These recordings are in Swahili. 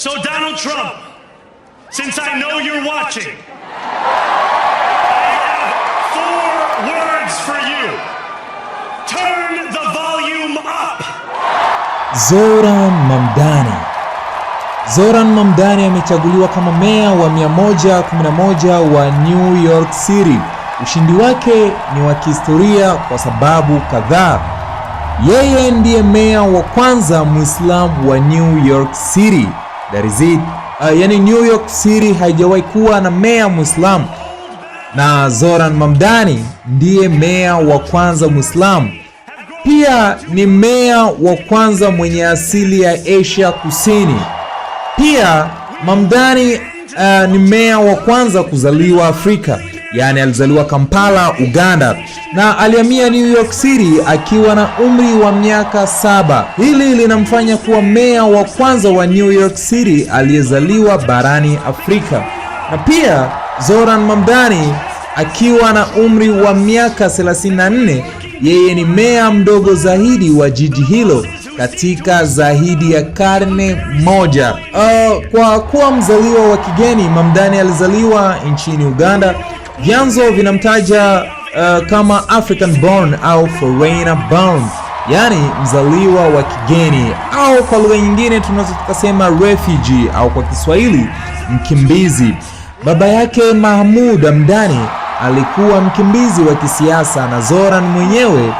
So, Donald Trump, since I know you're watching, I have four words for you. Turn the volume up. Zoran Mamdani. Zoran Mamdani amechaguliwa kama meya wa 111 wa New York City. Ushindi wake ni wa kihistoria kwa sababu kadhaa. Yeye ndiye meya wa kwanza Muislamu wa New York City. That is it. Uh, yani New York City haijawahi kuwa na meya Muislamu na Zoran Mamdani ndiye meya wa kwanza Muislamu. Pia ni meya wa kwanza mwenye asili ya Asia Kusini. Pia Mamdani uh, ni meya wa kwanza kuzaliwa Afrika yani alizaliwa Kampala, Uganda na alihamia New York City akiwa na umri wa miaka saba. Hili linamfanya kuwa meya wa kwanza wa New York City aliyezaliwa barani Afrika. Na pia zoran Mamdani akiwa na umri wa miaka 34, yeye ni meya mdogo zaidi wa jiji hilo katika zaidi ya karne moja. Uh, kwa kuwa mzaliwa wa kigeni, Mamdani alizaliwa nchini Uganda Vyanzo vinamtaja uh, kama African born au foreigner born, yani mzaliwa wa kigeni, au kwa lugha nyingine tunaweza tukasema refugee au kwa Kiswahili mkimbizi. Baba yake mahmud Hamdani alikuwa mkimbizi wa kisiasa na Zoran mwenyewe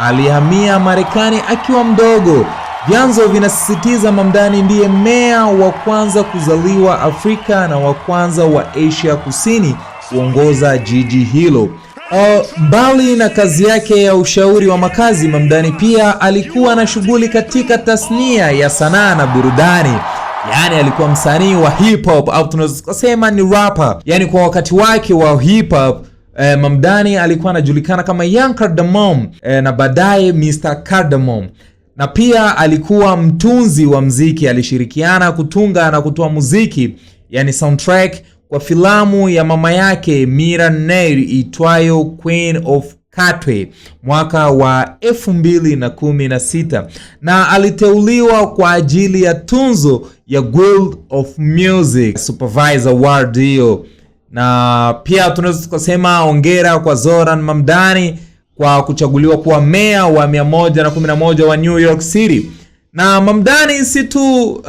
alihamia Marekani akiwa mdogo. Vyanzo vinasisitiza Mamdani ndiye meya wa kwanza kuzaliwa Afrika na wa kwanza wa Asia Kusini kuongoza jiji hilo. Uh, mbali na kazi yake ya ushauri wa makazi, Mamdani pia alikuwa na shughuli katika tasnia ya sanaa na burudani. Yaani alikuwa msanii wa hip hop au tunaweza kusema ni rapper. Yaani kwa wakati wake wa hip hop eh, Mamdani alikuwa anajulikana kama Young Cardamom eh, na baadaye Mr Cardamom na pia alikuwa mtunzi wa mziki, alishirikiana kutunga na kutoa muziki yani soundtrack kwa filamu ya mama yake Mira Nair itwayo Queen of Katwe mwaka wa 2016 na aliteuliwa kwa ajili ya tunzo ya Guild of Music Supervisor Award hiyo, na pia tunaweza tukasema ongera kwa Zoran Mamdani kwa kuchaguliwa kuwa meya wa 111 wa New York City na Mamdani si tu uh,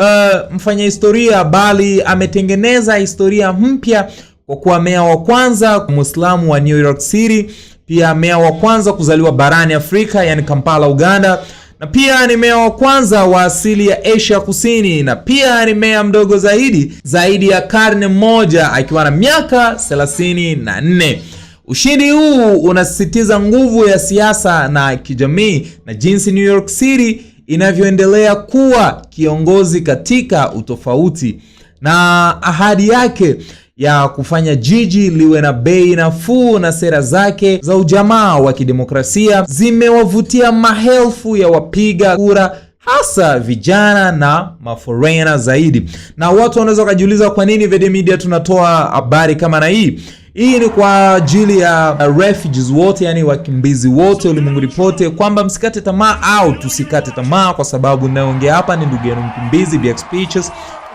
mfanya historia bali ametengeneza historia mpya kwa kuwa meya wa kwanza Muislamu wa New York City, pia meya wa kwanza kuzaliwa barani Afrika yani Kampala, Uganda, na pia ni meya wa kwanza wa asili ya Asia Kusini, na pia ni meya mdogo zaidi zaidi ya karne moja akiwa na miaka 34. Ushindi huu unasisitiza nguvu ya siasa na kijamii na jinsi New York City inavyoendelea kuwa kiongozi katika utofauti na ahadi yake ya kufanya jiji liwe na bei nafuu na sera zake za ujamaa wa kidemokrasia zimewavutia maelfu ya wapiga kura hasa vijana na maforena zaidi. Na watu wanaweza wakajiuliza kwa nini Vede Media tunatoa habari kama na hii? Hii ni kwa ajili ya uh, refugees wote, yani wakimbizi wote ulimwenguni pote, kwamba msikate tamaa au tusikate tamaa, kwa sababu naongea hapa ni ndugu yenu mkimbizi BX Pictures,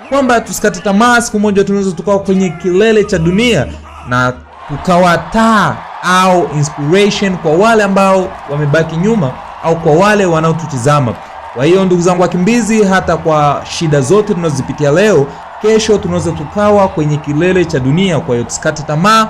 kwamba tusikate tamaa. Siku moja tunaweza tukawa kwenye kilele cha dunia na tukawa taa au inspiration kwa wale ambao wamebaki nyuma au kwa wale wanaotutizama. Kwa hiyo ndugu zangu wakimbizi, hata kwa shida zote tunazozipitia leo kesho tunaweza tukawa kwenye kilele cha dunia. Kwa hiyo tusikate tamaa.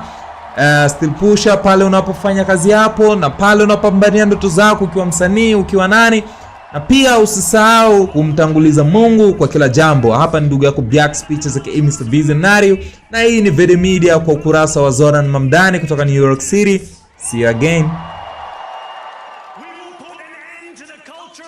Uh, still pusha pale unapofanya kazi hapo na pale unapambania ndoto zako, ukiwa msanii, ukiwa nani, na pia usisahau kumtanguliza Mungu kwa kila jambo. Hapa ni ndugu yako Black Speeches aka Mr Visionary, na hii ni Vede Media kwa ukurasa wa Zoran Mamdani kutoka New York City. See you again.